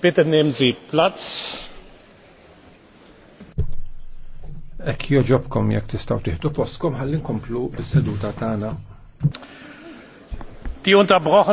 Bitte nehmen Sie Platz. Ek joġobkom jek tistaw tiħdu postkom ħalli nkomplu bis-seduta tagħna. Die unterbrochen